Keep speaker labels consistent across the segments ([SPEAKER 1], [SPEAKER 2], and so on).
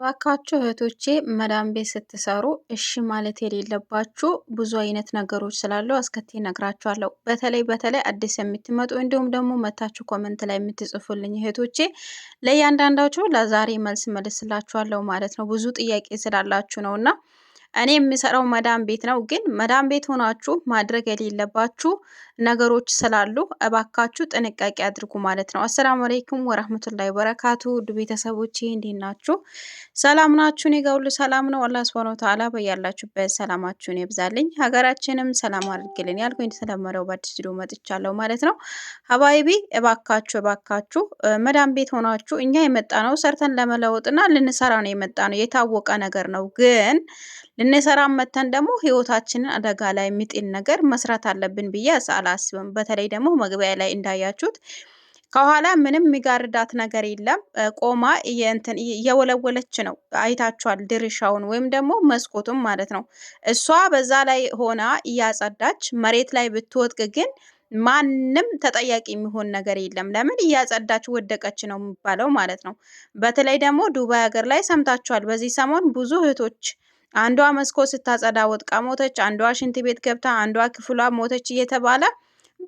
[SPEAKER 1] እባካችሁ እህቶቼ መዳም ቤት ስትሰሩ እሺ ማለት የሌለባችሁ ብዙ አይነት ነገሮች ስላሉ አስከቴ ነግራችኋለሁ። በተለይ በተለይ አዲስ የምትመጡ እንዲሁም ደግሞ መታችሁ ኮመንት ላይ የምትጽፉልኝ እህቶቼ ለእያንዳንዳችሁ ለዛሬ መልስ መልስላችኋለሁ ማለት ነው። ብዙ ጥያቄ ስላላችሁ ነው እና እኔ የምሰራው መዳም ቤት ነው። ግን መዳም ቤት ሆናችሁ ማድረግ የሌለባችሁ ነገሮች ስላሉ እባካችሁ ጥንቃቄ አድርጉ ማለት ነው። አሰላሙ አለይኩም ወራህመቱላሂ ወበረካቱ ውድ ቤተሰቦቼ እንዴት ናችሁ? ሰላም ናችሁ? እኔ ጋር ሁሉ ሰላም ነው። አላህ ሱብሐነሁ ወተዓላ በያላችሁበት ሰላማችሁን ይብዛልኝ፣ ሀገራችንም ሰላም አድርግልን ያልኩኝ እንደተለመደው በአዲስ ቪዲዮ መጥቻለሁ ማለት ነው። ሀባይቢ እባካችሁ እባካችሁ መዳም ቤት ሆናችሁ እኛ የመጣ ነው ሰርተን ለመለወጥና ልንሰራ ነው የመጣ ነው የታወቀ ነገር ነው ግን ብንሰራም መተን ደግሞ ህይወታችንን አደጋ ላይ የሚጥል ነገር መስራት አለብን ብዬ አላስብም። በተለይ ደግሞ መግቢያ ላይ እንዳያችሁት ከኋላ ምንም የሚጋርዳት ነገር የለም። ቆማ እንትን እየወለወለች ነው። አይታችኋል፣ ድርሻውን ወይም ደግሞ መስኮቱም ማለት ነው። እሷ በዛ ላይ ሆና እያጸዳች መሬት ላይ ብትወጥቅ ግን ማንም ተጠያቂ የሚሆን ነገር የለም። ለምን እያጸዳች ወደቀች ነው የሚባለው ማለት ነው። በተለይ ደግሞ ዱባይ ሀገር ላይ ሰምታችኋል። በዚህ ሰሞን ብዙ እህቶች አንዷ መስኮት ስታጸዳ ወጥቃ ሞተች፣ አንዷ ሽንት ቤት ገብታ፣ አንዷ ክፍሏ ሞተች እየተባለ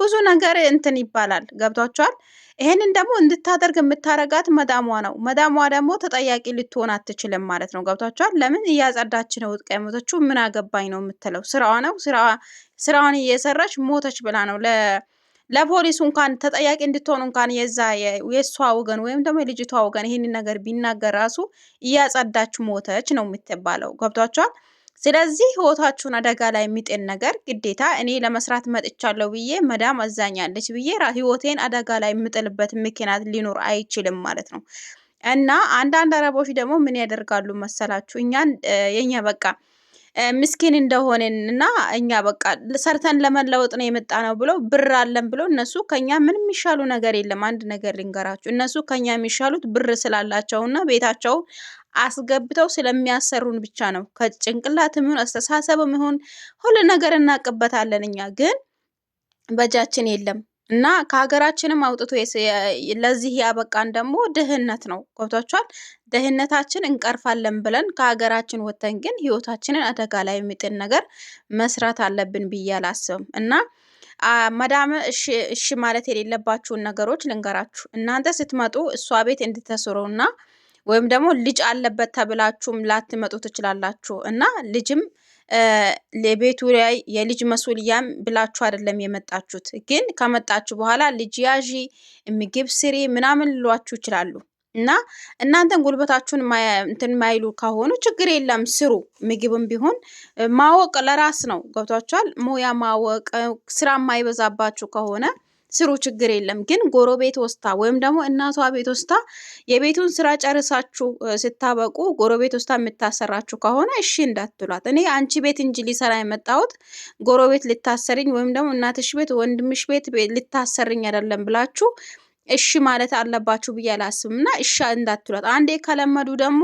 [SPEAKER 1] ብዙ ነገር እንትን ይባላል። ገብቷቸዋል። ይሄንን ደግሞ እንድታደርግ የምታረጋት መዳሟ ነው። መዳሟ ደግሞ ተጠያቂ ልትሆን አትችልም ማለት ነው። ገብቷቸዋል። ለምን እያጸዳች ነው ውጥቃ የሞተችው ምን አገባኝ ነው የምትለው። ስራዋ ነው። ስራዋን እየሰራች ሞተች ብላ ነው ለፖሊሱ እንኳን ተጠያቂ እንድትሆኑ እንኳን የዛ የእሷ ወገን ወይም ደግሞ የልጅቷ ወገን ይህን ነገር ቢናገር ራሱ እያጸዳች ሞተች ነው የምትባለው። ገብቷቸዋል። ስለዚህ ህይወታችሁን አደጋ ላይ የሚጤን ነገር ግዴታ እኔ ለመስራት መጥቻለሁ ብዬ መዳም አዛኛለች ብዬ ህይወቴን አደጋ ላይ የምጥልበት ምክንያት ሊኖር አይችልም ማለት ነው። እና አንዳንድ አረቦች ደግሞ ምን ያደርጋሉ መሰላችሁ? እኛን የኛ በቃ ምስኪን እንደሆነን እና እኛ በቃ ሰርተን ለመለወጥ ነው የመጣ ነው ብለው ብር አለን ብለው እነሱ ከኛ ምን የሚሻሉ ነገር የለም። አንድ ነገር ልንገራችሁ፣ እነሱ ከኛ የሚሻሉት ብር ስላላቸውና ቤታቸው አስገብተው ስለሚያሰሩን ብቻ ነው። ከጭንቅላትም ይሁን አስተሳሰብም ይሁን ሁሉ ነገር እናቅበታለን። እኛ ግን በእጃችን የለም። እና ከሀገራችንም አውጥቶ ለዚህ ያበቃን ደግሞ ድህነት ነው። ገብቷችኋል? ድህነታችን እንቀርፋለን ብለን ከሀገራችን ወተን ግን ህይወታችንን አደጋ ላይ የሚጥል ነገር መስራት አለብን ብዬ አላስብም እና መዳም እሺ ማለት የሌለባችሁን ነገሮች ልንገራችሁ። እናንተ ስትመጡ እሷ ቤት እንድትሰሩ እና ወይም ደግሞ ልጅ አለበት ተብላችሁም ላትመጡ ትችላላችሁ እና ልጅም የቤቱ ላይ የልጅ መስኡልያም ብላችሁ አይደለም የመጣችሁት። ግን ከመጣችሁ በኋላ ልጅ ያዢ ምግብ ስሪ ምናምን ልሏችሁ ይችላሉ። እና እናንተን ጉልበታችሁን እንትን ማይሉ ከሆኑ ችግር የለም ስሩ። ምግብም ቢሆን ማወቅ ለራስ ነው። ገብቷችኋል? ሙያ ማወቅ ስራ የማይበዛባችሁ ከሆነ ስሩ፣ ችግር የለም። ግን ጎረቤት ወስታ ወይም ደግሞ እናቷ ቤት ወስታ የቤቱን ስራ ጨርሳችሁ ስታበቁ ጎረቤት ወስታ የምታሰራችሁ ከሆነ እሺ እንዳትሏት። እኔ አንቺ ቤት እንጂ ሊሰራ የመጣሁት ጎረቤት ልታሰርኝ ወይም ደግሞ እናትሽ ቤት፣ ወንድምሽ ቤት ልታሰርኝ አይደለም ብላችሁ እሺ ማለት አለባችሁ ብዬ አላስብም። እና እሺ እንዳትሏት። አንዴ ከለመዱ ደግሞ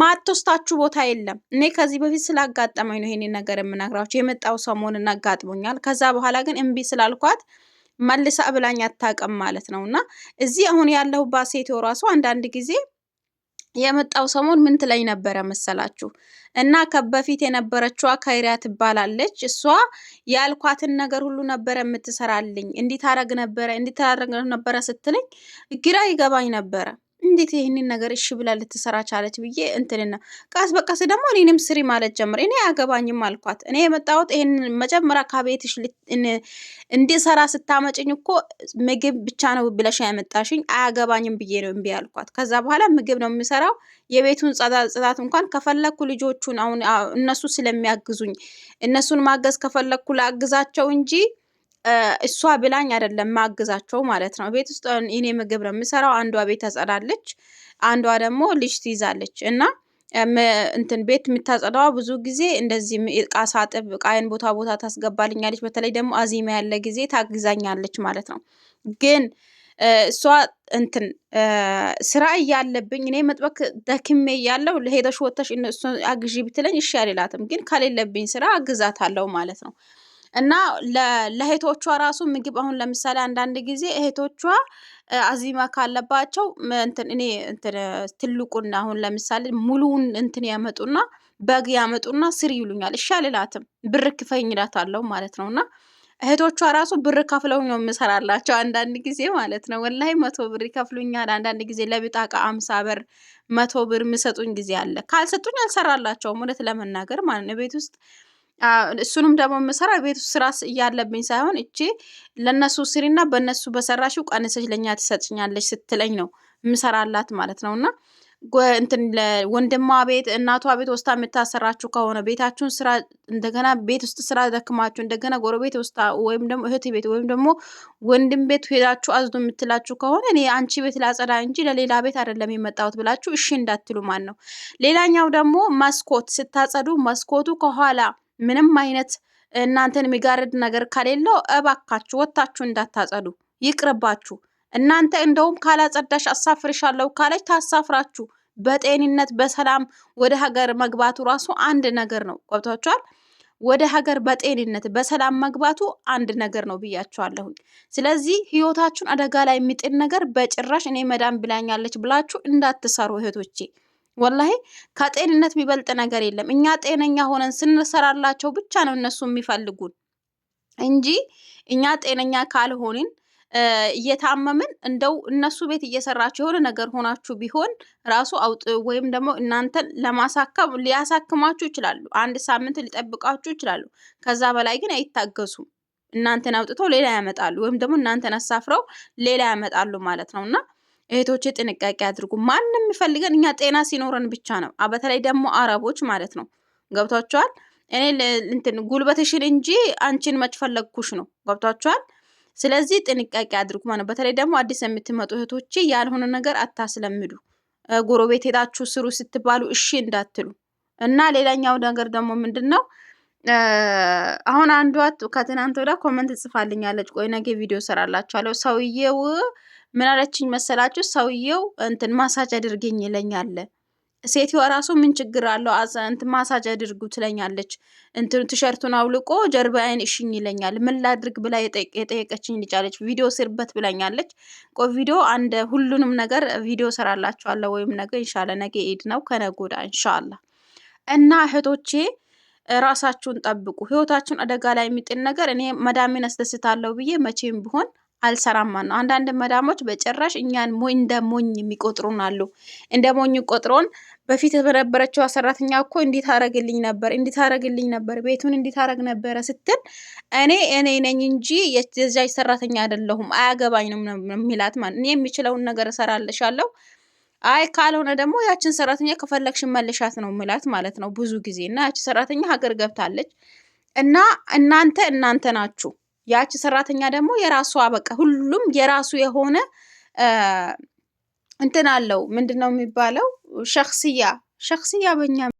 [SPEAKER 1] ማትወስታችሁ ቦታ የለም። እኔ ከዚህ በፊት ስላጋጠመኝ ነው ይሄንን ነገር የምነግራችሁ። የመጣው ሰሞኑን አጋጥሞኛል። ከዛ በኋላ ግን እምቢ ስላልኳት መልሳ ብላኝ አታውቅም ማለት ነው። እና እዚህ አሁን ያለሁባት ሴትዮ ራሱ አንዳንድ ጊዜ የመጣው ሰሞን ምን ትለኝ ነበረ መሰላችሁ? እና ከበፊት የነበረችዋ ከይሪያ ትባላለች። እሷ ያልኳትን ነገር ሁሉ ነበረ የምትሰራልኝ። እንዲታረግ ነበረ እንዲታረግ ነበረ ስትለኝ ግራ ይገባኝ ነበረ። እንዴት ይህንን ነገር እሺ ብላ ልትሰራ ቻለች ብዬ እንትንና ቀስ በቀስ ደግሞ እኔንም ስሪ ማለት ጀምር። እኔ አገባኝም አልኳት። እኔ የመጣሁት ይህን መጀመሪያ ከቤትሽ እንዲሰራ ስታመጭኝ እኮ ምግብ ብቻ ነው ብለሽ ያመጣሽኝ፣ አያገባኝም ብዬ ነው እምቢ አልኳት። ከዛ በኋላ ምግብ ነው የሚሰራው። የቤቱን ጽዳት እንኳን ከፈለግኩ ልጆቹን አሁን እነሱ ስለሚያግዙኝ እነሱን ማገዝ ከፈለግኩ ላግዛቸው እንጂ እሷ ብላኝ አይደለም ማግዛቸው ማለት ነው። ቤት ውስጥ እኔ ምግብ ነው የምሰራው። አንዷ ቤት ታጸዳለች፣ አንዷ ደግሞ ልጅ ትይዛለች እና እንትን ቤት የምታጸዳዋ ብዙ ጊዜ እንደዚህ እቃ ሳጥብ እቃዬን ቦታ ቦታ ታስገባልኛለች። በተለይ ደግሞ አዚማ ያለ ጊዜ ታግዛኛለች ማለት ነው። ግን እሷ እንትን ስራ እያለብኝ እኔ መጥበቅ ደክሜ እያለው ሄደሽ ወተሽ እሱ አግዢ ብትለኝ እሺ አልላትም። ግን ከሌለብኝ ስራ አግዛታለሁ ማለት ነው። እና ለእህቶቿ ራሱ ምግብ አሁን ለምሳሌ አንዳንድ ጊዜ እህቶቿ አዚማ ካለባቸው እንትን እኔ ትልቁን አሁን ለምሳሌ ሙሉውን እንትን ያመጡና በግ ያመጡና ስር ይሉኛል። እሺ አልላትም፣ ብር ክፈኝ እላታለሁ ማለት ነው እና እህቶቿ ራሱ ብር ከፍለው ነው የምሰራላቸው። አንዳንድ ጊዜ ማለት ነው ወላሂ መቶ ብር ይከፍሉኛል። አንዳንድ ጊዜ ለብጣቃ አምሳ ብር መቶ ብር የሚሰጡኝ ጊዜ አለ። ካልሰጡኝ አልሰራላቸውም እውነት ለመናገር ማለት ነው ቤት ውስጥ እሱንም ደግሞ ምሰራ ቤት ውስጥ ስራ እያለብኝ ሳይሆን እቺ ለእነሱ ስሪና በእነሱ በሰራሽ ቀንሰሽ ለእኛ ትሰጭኛለች ስትለኝ ነው የምሰራላት ማለት ነው እና እንትን ቤት እናቷ ቤት ወስታ የምታሰራችሁ ከሆነ ቤታችሁን ስራ እንደገና ቤት ውስጥ ስራ ደክማችሁ እንደገና ጎረቤት ወስታ ወይም ደግሞ እህት ቤት ወይም ደግሞ ወንድም ቤት ሄዳችሁ አዝዶ የምትላችሁ ከሆነ እኔ አንቺ ቤት ላጸዳ እንጂ ለሌላ ቤት አይደለም የመጣሁት ብላችሁ እሺ እንዳትሉ ማን ነው። ሌላኛው ደግሞ መስኮት ስታጸዱ መስኮቱ ከኋላ ምንም አይነት እናንተን የሚጋርድ ነገር ከሌለው እባካችሁ ወታችሁ እንዳታጸዱ፣ ይቅርባችሁ። እናንተ እንደውም ካላጸዳሽ አሳፍርሻለሁ ካለች ታሳፍራችሁ። በጤንነት በሰላም ወደ ሀገር መግባቱ ራሱ አንድ ነገር ነው። ገብቷችኋል? ወደ ሀገር በጤንነት በሰላም መግባቱ አንድ ነገር ነው ብያችኋለሁኝ። ስለዚህ ህይወታችሁን አደጋ ላይ የሚጥል ነገር በጭራሽ እኔ መዳን ብላኛለች ብላችሁ እንዳትሰሩ እህቶቼ። ወላሂ ከጤንነት የሚበልጥ ነገር የለም። እኛ ጤነኛ ሆነን ስንሰራላቸው ብቻ ነው እነሱ የሚፈልጉን እንጂ እኛ ጤነኛ ካልሆንን እየታመምን እንደው እነሱ ቤት እየሰራችሁ የሆነ ነገር ሆናችሁ ቢሆን ራሱ አውጥ ወይም ደግሞ እናንተን ለማሳከም ሊያሳክማችሁ ይችላሉ። አንድ ሳምንት ሊጠብቃችሁ ይችላሉ። ከዛ በላይ ግን አይታገሱም። እናንተን አውጥተው ሌላ ያመጣሉ፣ ወይም ደግሞ እናንተን አሳፍረው ሌላ ያመጣሉ ማለት ነው እና እህቶች ጥንቃቄ አድርጉ። ማንም የሚፈልገን እኛ ጤና ሲኖረን ብቻ ነው። በተለይ ደግሞ አረቦች ማለት ነው። ገብቷቸዋል። እኔ እንትን ጉልበትሽን እንጂ አንቺን መች ፈለግኩሽ ነው። ገብቷቸዋል። ስለዚህ ጥንቃቄ አድርጉ ማለት በተለይ ደግሞ አዲስ የምትመጡ እህቶች ያልሆነ ነገር አታስለምዱ። ጎረቤት ሄዳችሁ ስሩ ስትባሉ እሺ እንዳትሉ እና ሌላኛው ነገር ደግሞ ምንድን ነው አሁን አንዷ ከትናንት ወዳ ኮመንት ጽፋልኛለች። ቆይ ነገ ቪዲዮ ሰራላችኋለሁ። ሰውዬው ምን አለችኝ መሰላችሁ? ሰውየው እንትን ማሳጅ አድርገኝ ይለኛል። ሴትዋ ራሱ ምን ችግር አለው እንትን ማሳጅ አድርጉ ትለኛለች። እንትን ቲሸርቱን አውልቆ ጀርባዬን እሽኝ ይለኛል። ምን ላድርግ ብላ የጠየቀችኝ ልጅ አለች። ቪዲዮ ስርበት ብላኛለች። ቆ ቪዲዮ አንድ ሁሉንም ነገር ቪዲዮ ሰራላችኋለሁ፣ ወይም ነገ ኢንሻላ። ነገ ኢድ ነው ከነጎዳ ወዲያ ኢንሻላ። እና እህቶቼ ራሳችሁን ጠብቁ። ህይወታችሁን አደጋ ላይ የሚጥል ነገር እኔ መዳሜን አስደስታለሁ ብዬ መቼም ቢሆን አልሰራማ ነው። አንዳንድ መዳሞች በጭራሽ እኛን ሞኝ እንደ ሞኝ የሚቆጥሩን አሉ። እንደ ሞኝ ቆጥሮን በፊት በነበረችው ሰራተኛ እኮ እንዴት አረግልኝ ነበር እንዴት አረግልኝ ነበር ቤቱን እንዴት አረግ ነበረ ስትል እኔ እኔ ነኝ እንጂ የዛች ሰራተኛ አይደለሁም አያገባኝ ነው የሚላት። ማለት እኔ የሚችለውን ነገር እሰራለሻለሁ አይ ካልሆነ ደግሞ ያችን ሰራተኛ ከፈለግሽ መልሻት ነው ምላት ማለት ነው ብዙ ጊዜ እና ያችን ሰራተኛ ሀገር ገብታለች እና እናንተ እናንተ ናችሁ ያቺ ሰራተኛ ደግሞ የራሷ በቃ ሁሉም የራሱ የሆነ እንትን አለው። ምንድን ነው የሚባለው? ሸክስያ ሸክስያ በእኛ